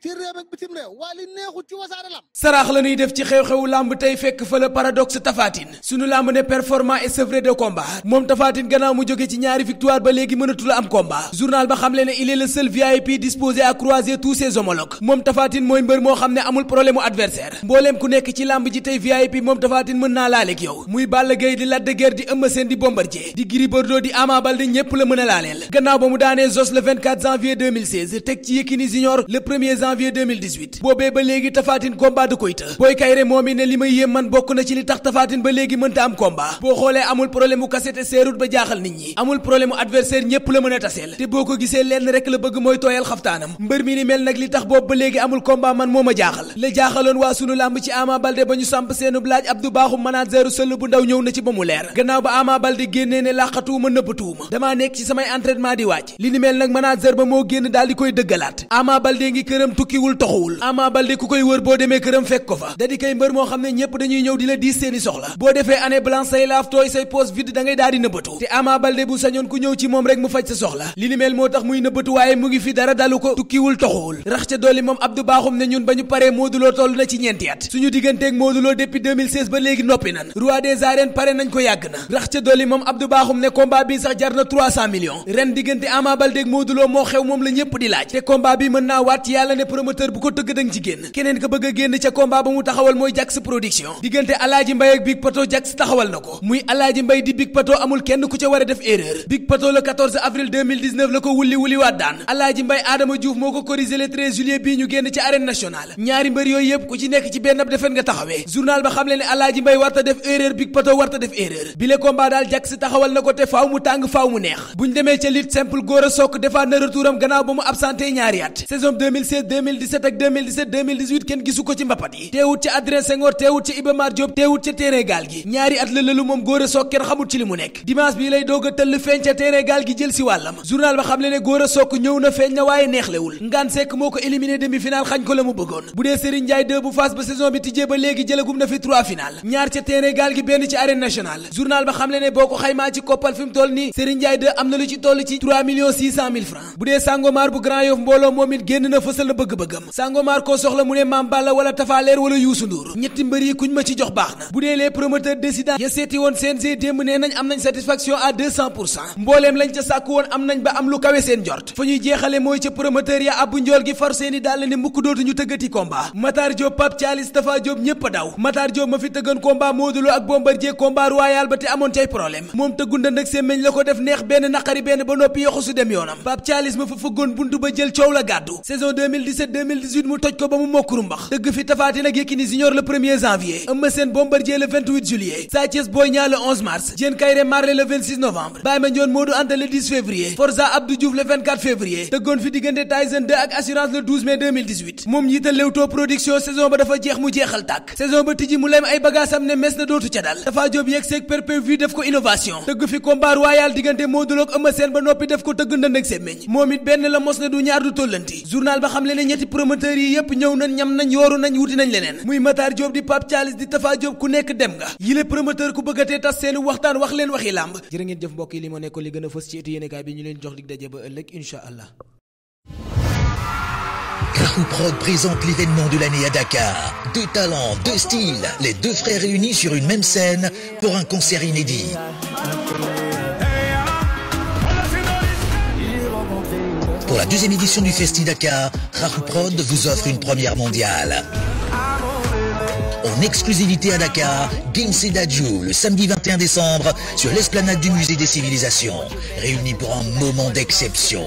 ci réew ak bitim réew waa li neexul ci wasaare lamb saraax la ñuy def ci xew-xewu lamb tey fekk fa la paradoxe tafatine sunu lamb ne performant et sevré de combat moom tafatine gannaaw mu jóge ci ñaari victoire ba léegi mënatul am combat journal ba xamle ne il est le VIP disposé à croiser tous ses moom tafatine mooy mbër moo xam ne amul problème adversaire mbooleem ku nekk ci lamb ji tey VIP moom tafatine mën naa laaleeg yow muy Balla Gaye janvier 2018 boobee ba léegi tafaatin combat da koy të booy kayre moom i ne li may yéem man bokk na ci li tax tafaatin ba léegi mënta am combat boo xoolee amul problème mu kasete seerut ba jaaxal nit ñi amul problème mu ñépp la mën a taseel te boo ko gisee lenn rek la bëgg mooy tooyal xaftaanam mbër mi ni mel nag li tax boobu ba léegi amul combat man moo ma jaaxal la jaaxaloon waa sunu làmb ci Ama Baldé ba ñu samp seenub laaj Abdou Bakhoum manageru sëll bu tukkiwul toxuwul Ama Baldé ku koy wër boo demee këram fekk ko fa da di koy mbër moo xam ne ñépp dañuy ñëw di la diis seeni soxla boo defee année blanche say laaf tooy say poos vide da ngay nëbbatu te Ama bu sañoon ku ñëw ci moom rek mu faj sa soxla li moo tax muy nëbbatu waaye mu ngi fi dara dalu ko tukkiwul toxuwul rax ca dolli moom Abdou Bakhoum ne ñun ba ñu paree Modou Lo na ci ñeenti suñu digganteeg Modou Lo ba léegi promoteur bu ko tëgg dang ci génn keneen ka bëgg a génn ca combat ba mu taxawal mooy Jax production diggante Alaaji Mbay ak Big Pato Jax taxawal na ko muy Alaaji Mbay di Big Pato amul kenn ku ca war a def erreur Big Pato le 14 avril 2019 la ko wulli wulli waat daan Alaaji Mbay Adama Diouf moo ko corrigé le 13 juillet bii ñu génn ci arène nationale ñaari mbër yooyu yëpp ku ci nekk ci benn ab defet nga taxawee journal ba xamle ne Alaaji Mbay warta def erreur na ko te faaw mu tàng 2017 ak kenn gisu ko ci mbapat yi teewut ci Adrien Senghor teewut ci Iba Mar Diop teewut ca terrain gaal gi ñaari at la lëlu moom Gora Sock kenn xamut ci li mu nekk dimanche bi lay doog tëll feeñ ca terrain gaal gi jël si wàllam journal ba xam le ne Gora Sock ñëw na feeñ na waaye neexlewul ngaan sekk moo ko éliminé demi-finale xañ ko la mu bëggoon bu dee Serigne Ndiaye 2 bu Fass ba saison bi tijjee ba léegi jëlagum na fi 3 final ñaar ca terrain gaal gi bëgg-bëggam Sangomar koo soxla mu ne Mame Balla wala Tapha Leer wala Youssou ñetti mbër yi kuñ ma ci jox baax na bu dee les promoteurs décidents ya seeti woon CNG démb nee am nañ satisfaction à mbooleem lañ ca sàkku woon am nañ ba am lu kawe seen jort fa ñuy jeexale mooy ca promoteur ya abbu njool gi far seeni daal ne mukk dootuñu tëggati combat Matar Diop Pape Thialis Tapha Diop ñépp daw Matar Diop ma fi tëggan combat Modou Lo ak 17 2018 mu toj ko ba mu mokkuru mbax dëgg fi Tapha Tine ak Yékini Junior le 1er janvier Eumeu Sène Bombardier le 28 juillet Sa Thiès Boy Niang le 11 mars Diène Kaïré Marley le 26 novembre Baye Mandione Modou Anta le 10 février Forza Abdou Diouf le 24 février fi diggante Tyson ak assurance le 12 moom yiital Leewtoo production saison ba dafa jeex mu jeexal tàkk saison ba tijji mu lem ay bagaasam ne mes na dootu ca dal Tapha Diop yeeg seeg perpévu def ko innovation dëgg fi combat ko tëgg ñetti promoteurs yi yépp ñëw nañ ñam nañ yooru nañ wuti nañ leneen muy Matar Diop di nekk dem nga ku bëggatee tas waxtaan wax leen waxi làmb jërë ngeen jëf mbokk yi li moo nekkoon li gën a fës ci étu yéenekaay bi ñu leen jox dig daje ba ëllëg incha allah Rahuprod présente l'événement de l'année à Dakar. Deux talents, deux styles, les deux frères réunis sur une même scène pour un concert inédit. Pour la deuxième édition du Festi Dakar, Rahou Prod vous offre une première mondiale. En exclusivité à Dakar, Gims Dadju, le samedi décembre, sur l'esplanade du Musée des Civilisations, réunis pour un moment d'exception.